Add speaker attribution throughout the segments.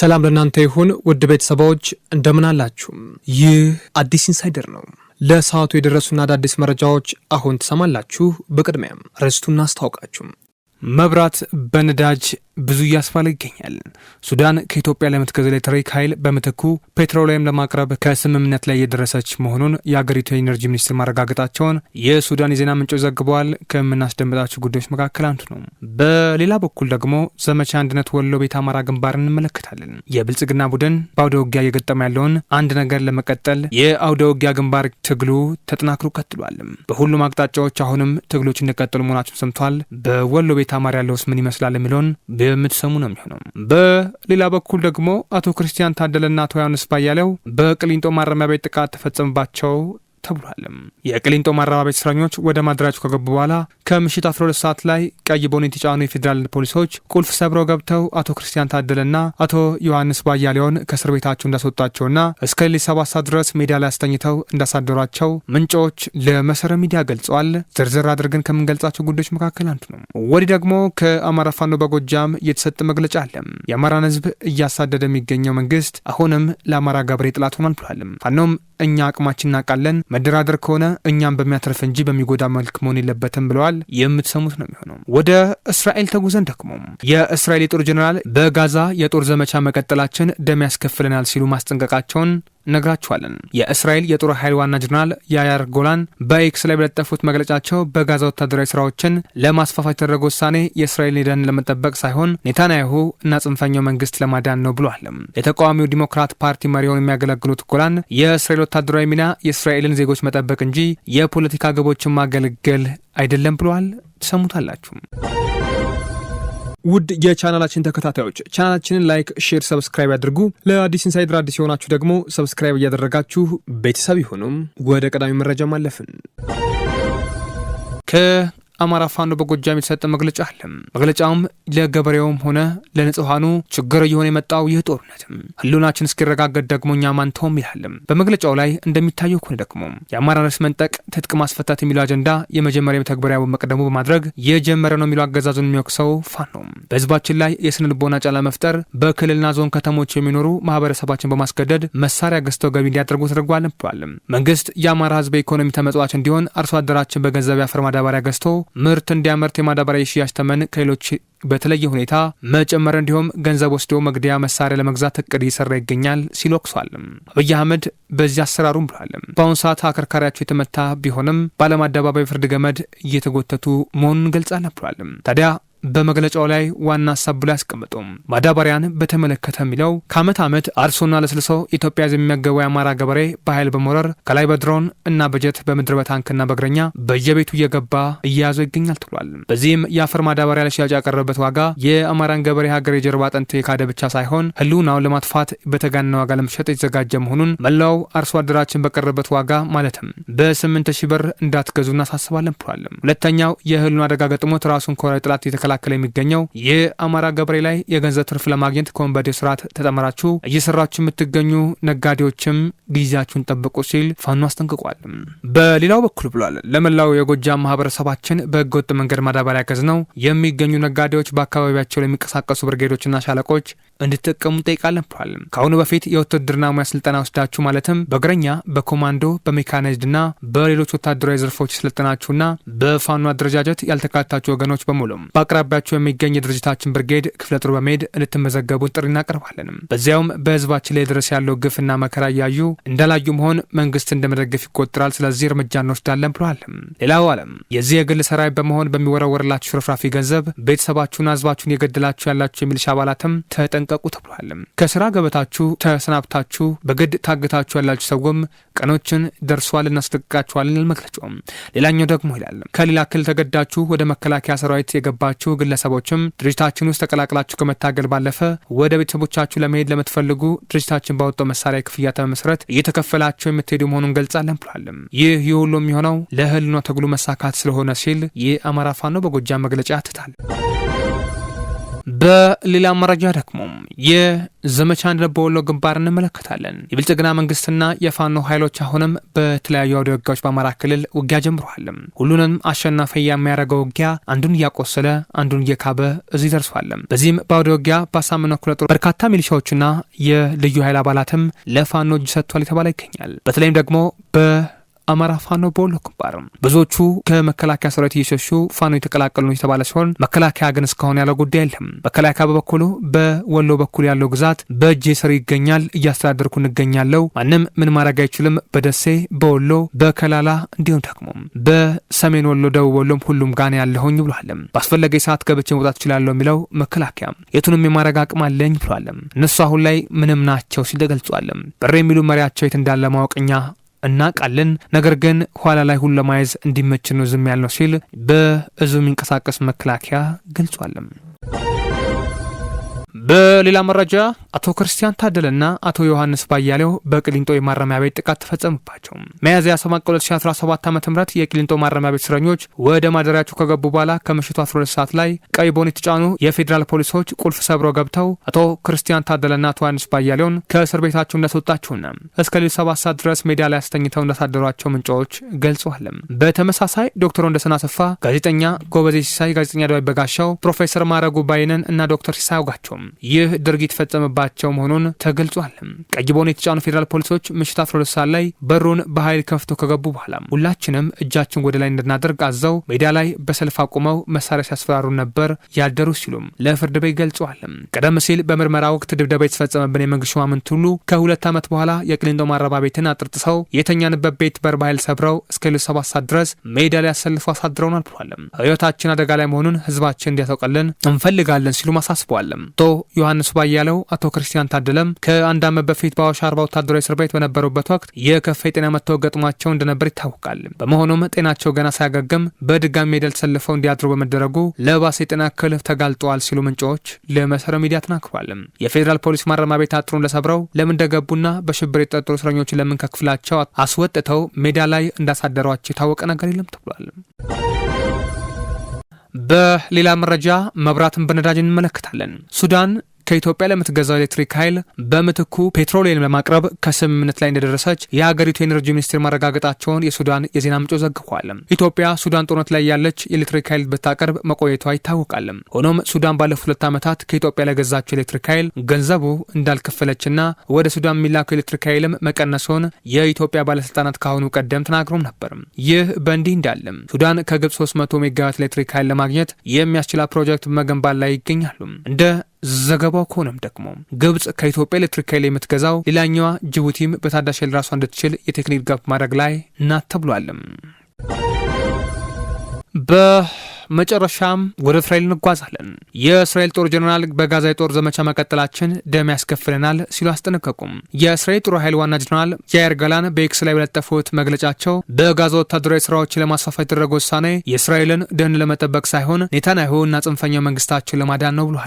Speaker 1: ሰላም ለእናንተ ይሁን ውድ ቤተሰባዎች እንደምን አላችሁ? ይህ አዲስ ኢንሳይደር ነው። ለሰዓቱ የደረሱና አዳዲስ መረጃዎች አሁን ትሰማላችሁ። በቅድሚያም ርዕስቱን አስታውቃችሁ መብራት በነዳጅ ብዙ እያስፋለ ይገኛል። ሱዳን ከኢትዮጵያ ለምትገዛ ኤሌክትሪክ ኃይል በምትኩ ፔትሮሊየም ለማቅረብ ከስምምነት ላይ የደረሰች መሆኑን የአገሪቱ የኢነርጂ ሚኒስትር ማረጋገጣቸውን የሱዳን የዜና ምንጮች ዘግበዋል። ከምናስደምጣቸው ጉዳዮች መካከል አንዱ ነው። በሌላ በኩል ደግሞ ዘመቻ አንድነት ወሎ ቤት አማራ ግንባር እንመለከታለን። የብልጽግና ቡድን በአውደ ውጊያ እየገጠመ ያለውን አንድ ነገር ለመቀጠል የአውደ ውጊያ ግንባር ትግሉ ተጠናክሮ ቀጥሏል። በሁሉም አቅጣጫዎች አሁንም ትግሎች እንደቀጠሉ መሆናቸውን ሰምቷል። በወሎ ቤት አማራ ያለውስ ምን ይመስላል የሚለውን የምትሰሙ ነው የሚሆነው። በሌላ በኩል ደግሞ አቶ ክርስቲያን ታደለና አቶ ዮሐንስ ባያሌው በቅሊንጦ ማረሚያ ቤት ጥቃት ተፈጸመባቸው ተብሏል። የቅሊንጦ ማረሚያ ቤት እስረኞች ወደ ማደራቸው ከገቡ በኋላ ከምሽት 12 ሰዓት ላይ ቀይ ቦን የተጫኑ የፌዴራል ፖሊሶች ቁልፍ ሰብረው ገብተው አቶ ክርስቲያን ታደለና አቶ ዮሐንስ ባያሌውን ከእስር ቤታቸው እንዳስወጣቸውና እስከ ሌሊት ሰባት ሰዓት ድረስ ሜዳ ላይ አስተኝተው እንዳሳደሯቸው ምንጮች ለመሰረ ሚዲያ ገልጸዋል። ዝርዝር አድርገን ከምንገልጻቸው ጉዳዮች መካከል አንዱ ነው። ወዲህ ደግሞ ከአማራ ፋኖ በጎጃም የተሰጠ መግለጫ አለ። የአማራን ህዝብ እያሳደደ የሚገኘው መንግስት አሁንም ለአማራ ገበሬ ጥላት ሆኗል ብሏል። ፋኖም እኛ አቅማችን እናውቃለን፣ መደራደር ከሆነ እኛም በሚያተርፍ እንጂ በሚጎዳ መልክ መሆን የለበትም ብለዋል። የምትሰሙት ነው የሚሆነው። ወደ እስራኤል ተጉዘን ደግሞ የእስራኤል የጦር ጀኔራል በጋዛ የጦር ዘመቻ መቀጠላችን ደም ያስከፍለናል ሲሉ ማስጠንቀቃቸውን ነግራችኋለን። የእስራኤል የጦር ኃይል ዋና ጀነራል ያያር ጎላን በኤክስ ላይ በለጠፉት መግለጫቸው በጋዛ ወታደራዊ ስራዎችን ለማስፋፋት የተደረገ ውሳኔ የእስራኤልን ደህንነት ለመጠበቅ ሳይሆን ኔታንያሁ እና ጽንፈኛው መንግስት ለማዳን ነው ብሏል። የተቃዋሚው ዲሞክራት ፓርቲ መሪ የሚያገለግሉት ጎላን የእስራኤል ወታደራዊ ሚና የእስራኤልን ዜጎች መጠበቅ እንጂ የፖለቲካ ግቦችን ማገልገል አይደለም ብለዋል። ትሰሙታላችሁም። ውድ የቻናላችን ተከታታዮች ቻናላችንን ላይክ፣ ሼር፣ ሰብስክራይብ ያድርጉ። ለአዲስ ኢንሳይደር አዲስ የሆናችሁ ደግሞ ሰብስክራይብ እያደረጋችሁ ቤተሰብ ይሁኑም። ወደ ቀዳሚ መረጃ ማለፍን አማራ ፋኖ በጎጃም የተሰጠ መግለጫ አለ። መግለጫውም ለገበሬውም ሆነ ለንጹሐኑ ችግር እየሆነ የመጣው ይህ ጦርነት ህልውናችን እስኪረጋገጥ ደግሞ እኛ ማንተውም ይላል። በመግለጫው ላይ እንደሚታየው ከሆነ ደግሞ የአማራ ርስ መንጠቅ ትጥቅ ማስፈታት የሚለው አጀንዳ የመጀመሪያ መተግበሪያ በመቅደሙ በማድረግ የጀመረ ነው የሚለው አገዛዙን የሚወቅሰው ፋኖ በህዝባችን ላይ የስነ ልቦና ጫና መፍጠር፣ በክልልና ዞን ከተሞች የሚኖሩ ማህበረሰባችን በማስገደድ መሳሪያ ገዝተው ገቢ እንዲያደርጉ ተደርጓል ብሏል። መንግስት የአማራ ህዝብ የኢኮኖሚ ተመጽዋች እንዲሆን አርሶ አደራችን በገንዘብ ያፈር ማዳበሪያ ገዝቶ ምርት እንዲያመርት የማዳበሪያ የሽያጭ ተመን ከሌሎች በተለየ ሁኔታ መጨመር እንዲሁም ገንዘብ ወስዶ መግደያ መሳሪያ ለመግዛት እቅድ እየሰራ ይገኛል ሲሉ ወቅሷል። አብይ አህመድ በዚህ አሰራሩም ብሏል። በአሁኑ ሰዓት አከርካሪያቸው የተመታ ቢሆንም በዓለም አደባባይ ፍርድ ገመድ እየተጎተቱ መሆኑን ገልጻ ነብሏል። ታዲያ በመግለጫው ላይ ዋና ሀሳብ ብሎ ያስቀምጡም ማዳበሪያን በተመለከተ የሚለው ከዓመት ዓመት አርሶና ለስልሶ ኢትዮጵያ የሚመገበው የአማራ ገበሬ በኃይል በሞረር ከላይ በድሮን እና በጀት በምድር በታንክና በእግረኛ በየቤቱ እየገባ እየያዘ ይገኛል ተብሏል። በዚህም የአፈር ማዳበሪያ ለሽያጭ ያቀረበበት ዋጋ የአማራን ገበሬ ሀገር የጀርባ አጥንት የካደ ብቻ ሳይሆን ህልውናውን ለማጥፋት በተጋና ዋጋ ለመሸጥ የተዘጋጀ መሆኑን መላው አርሶ አደራችን በቀረበት ዋጋ ማለትም በስምንት ሺህ ብር እንዳትገዙ እናሳስባለን ብሏል። ሁለተኛው የህልውና አደጋ ገጥሞት ራሱን ከወራሪ ጥላት የተከላ እየተከላከለ የሚገኘው የአማራ ገበሬ ላይ የገንዘብ ትርፍ ለማግኘት ከወንበዴ ስርዓት ተጠምራችሁ እየሰራችሁ የምትገኙ ነጋዴዎችም ጊዜያችሁን ጠብቁ ሲል ፋኖ አስጠንቅቋል። በሌላው በኩል ብሏል። ለመላው የጎጃም ማህበረሰባችን በህገወጥ መንገድ ማዳበሪያ ገዝነው የሚገኙ ነጋዴዎች በአካባቢያቸው ለሚንቀሳቀሱ ብርጌዶችና ሻለቆች እንድትጠቀሙ እንጠይቃለን ከአሁኑ በፊት የውትድርና ሙያ ስልጠና ወስዳችሁ ማለትም በእግረኛ፣ በኮማንዶ፣ በሜካናይዝድና በሌሎች ወታደራዊ ዘርፎች የሰለጠናችሁና በፋኖ አደረጃጀት ያልተካታችሁ ወገኖች በሙሉም በአቅራቢያችሁ የሚገኝ የድርጅታችን ብርጌድ ክፍለ ጦር በመሄድ እንድትመዘገቡን ጥሪ እናቀርባለንም። በዚያውም በህዝባችን ላይ ድረስ ያለው ግፍና መከራ እያዩ እንዳላዩ መሆን መንግስት እንደመደገፍ ይቆጠራል። ስለዚህ እርምጃ እንወስዳለን ብለዋል። ሌላው አለም የዚህ የግል ሰራዊት በመሆን በሚወረወርላችሁ ሽርፍራፊ ገንዘብ ቤተሰባችሁና ህዝባችሁን የገደላችሁ ያላችሁ የሚልሻ አባላትም ተጠንቀ ተጠንቀቁ ተብሏል። ከስራ ገበታችሁ ተሰናብታችሁ በግድ ታግታችሁ ያላችሁ ሰውም ቀኖችን ደርሷል እናስደቅቃችኋለን ይላል ሌላኛው ደግሞ ይላል ከሌላ ክልል ተገዳችሁ ወደ መከላከያ ሰራዊት የገባችሁ ግለሰቦችም ድርጅታችን ውስጥ ተቀላቅላችሁ ከመታገል ባለፈ ወደ ቤተሰቦቻችሁ ለመሄድ ለምትፈልጉ ድርጅታችን ባወጣው መሳሪያ ክፍያ ተመስረት እየተከፈላቸው የምትሄዱ መሆኑን ገልጻለን ብሏል። ይህ ይህ ሁሉ የሚሆነው ለህልኖ ትግሉ መሳካት ስለሆነ ሲል የአማራ ፋኖ በጎጃም መግለጫ ትታል። በሌላ መረጃ ደግሞ የዘመቻ አንድነት በወሎ ግንባር እንመለከታለን። የብልጽግና መንግስትና የፋኖ ኃይሎች አሁንም በተለያዩ አውደ ውጊያዎች በአማራ ክልል ውጊያ ጀምረዋል። ሁሉንም አሸናፊ የሚያደርገው ውጊያ አንዱን እያቆሰለ አንዱን እየካበ እዚህ ደርሷል። በዚህም በአውደ ውጊያ በአሳምነው ክፍለ ጦር በርካታ ሚሊሻዎችና የልዩ ኃይል አባላትም ለፋኖ እጅ ሰጥቷል የተባለ ይገኛል። በተለይም ደግሞ በ አማራ ፋኖ በወሎ ግንባር ብዙዎቹ ከመከላከያ ሰራዊት እየሸሹ ፋኖ የተቀላቀሉ ነው የተባለ ሲሆን መከላከያ ግን እስካሁን ያለው ጉዳይ የለም። መከላከያ በበኩሉ በወሎ በኩል ያለው ግዛት በእጄ ስር ይገኛል፣ እያስተዳደርኩ እንገኛለው፣ ማንም ምን ማድረግ አይችልም፣ በደሴ በወሎ በከላላ እንዲሁም ደግሞ በሰሜን ወሎ ደቡብ ወሎም ሁሉም ጋና ያለሁኝ ብሏል። በአስፈለገ ሰዓት ገብቼ መውጣት እችላለሁ የሚለው መከላከያ የቱንም የማድረግ አቅም አለኝ ብሏል። እነሱ አሁን ላይ ምንም ናቸው ሲል ተገልጿል። ብሬ የሚሉ መሪያቸው የት እንዳለ ማወቅኛ እናቃለን። ነገር ግን ኋላ ላይ ሁሉ ለማየዝ እንዲመች ነው ዝም ያልነው ሲል በእዙ የሚንቀሳቀስ መከላከያ ገልጿለም። በሌላ መረጃ አቶ ክርስቲያን ታደለና አቶ ዮሐንስ ባያሌው በቅሊንጦ የማረሚያ ቤት ጥቃት ተፈጸመባቸው። ሚያዝያ 7 2017 ዓ ም የቅሊንጦ ማረሚያ ቤት እስረኞች ወደ ማደሪያቸው ከገቡ በኋላ ከምሽቱ 12 ሰዓት ላይ ቀይ ቦን የተጫኑ የፌዴራል ፖሊሶች ቁልፍ ሰብረው ገብተው አቶ ክርስቲያን ታደለና አቶ ዮሐንስ ባያሌውን ከእስር ቤታቸው እንዳስወጣቸውና እስከ ሌሊቱ 7 ሰዓት ድረስ ሜዳ ላይ አስተኝተው እንዳሳደሯቸው ምንጮች ገልጸዋል። በተመሳሳይ ዶክተር ወንደሰን አሰፋ፣ ጋዜጠኛ ጎበዜ ሲሳይ፣ ጋዜጠኛ ደባይ በጋሻው፣ ፕሮፌሰር ማረጉ ባይነን እና ዶክተር ሲሳይ አውጋቸው ይህ ድርጊት ፈጸመባቸው መሆኑን ተገልጿል። ቀይ ቦን የተጫኑ ፌዴራል ፖሊሶች ምሽት አስራ ሁለት ሰዓት ላይ በሩን በኃይል ከፍቶ ከገቡ በኋላ ሁላችንም እጃችን ወደ ላይ እንድናደርግ አዘው ሜዳ ላይ በሰልፍ አቁመው መሳሪያ ሲያስፈራሩ ነበር ያደሩ ሲሉም ለፍርድ ቤት ገልጸዋል። ቀደም ሲል በምርመራ ወቅት ድብደባ የተፈጸመብን የመንግስት ሹማምንት ሁሉ ከሁለት ዓመት በኋላ የቅሊንጦ ማረሚያ ቤትን አጥርጥሰው የተኛንበት ቤት በር በኃይል ሰብረው እስከ ሌሎች ሰባት ሰዓት ድረስ ሜዳ ላይ አሰልፎ አሳድረውናል ብሏል። ህይወታችን አደጋ ላይ መሆኑን ህዝባችን እንዲያሳውቀልን እንፈልጋለን ሲሉም አሳስበዋል። ዮሐንስ ባያለው፣ አቶ ክርስቲያን ታደለም ከአንድ ዓመት በፊት በአዋሽ አርባ ወታደራዊ እስር ቤት በነበሩበት ወቅት የከፋ የጤና መታወክ ገጥሟቸው እንደነበር ይታወቃል። በመሆኑም ጤናቸው ገና ሳያገግም በድጋሚ ሜዳ ተሰልፈው እንዲያድሩ በመደረጉ ለባሰ የጤና እክል ተጋልጠዋል ሲሉ ምንጮች ለመሰረ ሚዲያ ተናግሯል። የፌዴራል ፖሊስ ማረሚያ ቤት አጥሩን ለሰብረው ለምን እንደገቡና በሽብር የተጠረጠሩ እስረኞችን ለምን ከክፍላቸው አስወጥተው ሜዳ ላይ እንዳሳደሯቸው የታወቀ ነገር የለም ተብሏል። በሌላ መረጃ መብራትን በነዳጅ እንመለከታለን። ሱዳን ከኢትዮጵያ ለምትገዛው ኤሌክትሪክ ኃይል በምትኩ ፔትሮሊየም ለማቅረብ ከስምምነት ላይ እንደደረሰች የሀገሪቱ የኤነርጂ ሚኒስቴር ማረጋገጣቸውን የሱዳን የዜና ምንጮች ዘግቧል። ኢትዮጵያ ሱዳን ጦርነት ላይ ያለች የኤሌክትሪክ ኃይል ብታቀርብ መቆየቷ ይታወቃል። ሆኖም ሱዳን ባለፉት ሁለት ዓመታት ከኢትዮጵያ ለገዛቸው ኤሌክትሪክ ኃይል ገንዘቡ እንዳልከፈለችና ወደ ሱዳን የሚላከው ኤሌክትሪክ ኃይልም መቀነሱን የኢትዮጵያ ባለስልጣናት ካሁኑ ቀደም ተናግሮም ነበር። ይህ በእንዲህ እንዳለ ሱዳን ከግብፅ 300 ሜጋዋት ኤሌክትሪክ ኃይል ለማግኘት የሚያስችላ ፕሮጀክት በመገንባት ላይ ይገኛሉ። እንደ ዘገባው ከሆነም ደግሞ ግብጽ ከኢትዮጵያ ኤሌክትሪክ ኃይል የምትገዛው ሌላኛዋ ጅቡቲም በታዳሽ ኃይል ራሷ እንድትችል የቴክኒክ ድጋፍ ማድረግ ላይ ናት ተብሏልም። በመጨረሻም ወደ እስራኤል እንጓዛለን። የእስራኤል ጦር ጀኔራል በጋዛ የጦር ዘመቻ መቀጠላችን ደም ያስከፍለናል ሲሉ አስጠነቀቁም። የእስራኤል ጦር ኃይል ዋና ጀኔራል ያየር ጋላን በኤክስ ላይ በለጠፉት መግለጫቸው በጋዛ ወታደራዊ ስራዎችን ለማስፋፋት የተደረገ ውሳኔ የእስራኤልን ደህን ለመጠበቅ ሳይሆን ኔታንያሁ እና ጽንፈኛው መንግስታቸውን ለማዳን ነው ብሏል።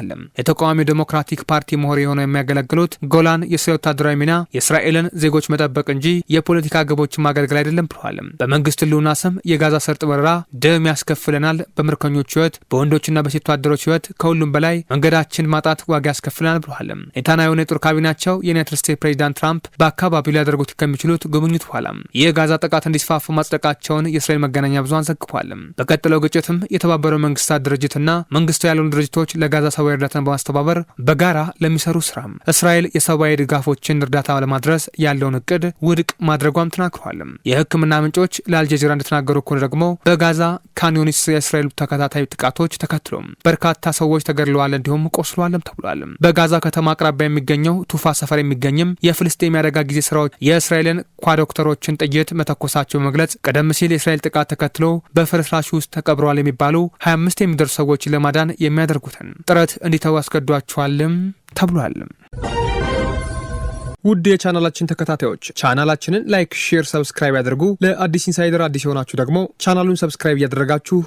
Speaker 1: የተቃዋሚው ዴሞክራቲክ ፓርቲ መሆር የሆነው የሚያገለግሉት ጎላን የእስራኤል ወታደራዊ ሚና የእስራኤልን ዜጎች መጠበቅ እንጂ የፖለቲካ ግቦችን ማገልገል አይደለም ብለዋል። በመንግስት ህልውና ስም የጋዛ ሰርጥ በረራ ደም ያስከፍለናል። በምርኮኞች ህይወት፣ በወንዶችና በሴት ወታደሮች ህይወት፣ ከሁሉም በላይ መንገዳችን ማጣት ዋጋ ያስከፍለናል ብለዋል። ኔታንያሁን የጦር ካቢናቸው የዩናይትድ ስቴትስ ፕሬዚዳንት ትራምፕ በአካባቢው ሊያደርጉት ከሚችሉት ጉብኝት በኋላ የጋዛ ጥቃት እንዲስፋፉ ማጽደቃቸውን የእስራኤል መገናኛ ብዙሃን ዘግቧል። በቀጥለው ግጭትም የተባበረው መንግስታት ድርጅትና መንግስታዊ ያልሆኑ ድርጅቶች ለጋዛ ሰብአዊ እርዳታን በማስተባበር በጋራ ለሚሰሩ ስራ እስራኤል የሰብአዊ ድጋፎችን እርዳታ ለማድረስ ያለውን እቅድ ውድቅ ማድረጓም ተናግረዋል። የህክምና ምንጮች ለአልጀዚራ እንደተናገሩ ከሆነ ደግሞ በጋዛ ካን ዩኒስ የእስራኤል ተከታታይ ጥቃቶች ተከትሎ በርካታ ሰዎች ተገድለዋል እንዲሁም ቆስሏልም ተብሏል። በጋዛ ከተማ አቅራቢያ የሚገኘው ቱፋ ሰፈር የሚገኝም የፍልስጤም የአደጋ ጊዜ ስራዎች የእስራኤልን ኳዶክተሮችን ጥይት መተኮሳቸው በመግለጽ ቀደም ሲል የእስራኤል ጥቃት ተከትሎ በፍርስራሽ ውስጥ ተቀብረዋል የሚባሉ 25 የሚደርሱ ሰዎችን ለማዳን የሚያደርጉትን ጥረት እንዲተው አስገዷቸዋልም ተብሏል። ውድ የቻናላችን ተከታታዮች ቻናላችንን ላይክ፣ ሼር፣ ሰብስክራይብ ያድርጉ። ለአዲስ ኢንሳይደር አዲስ የሆናችሁ ደግሞ ቻናሉን ሰብስክራይብ እያደረጋችሁ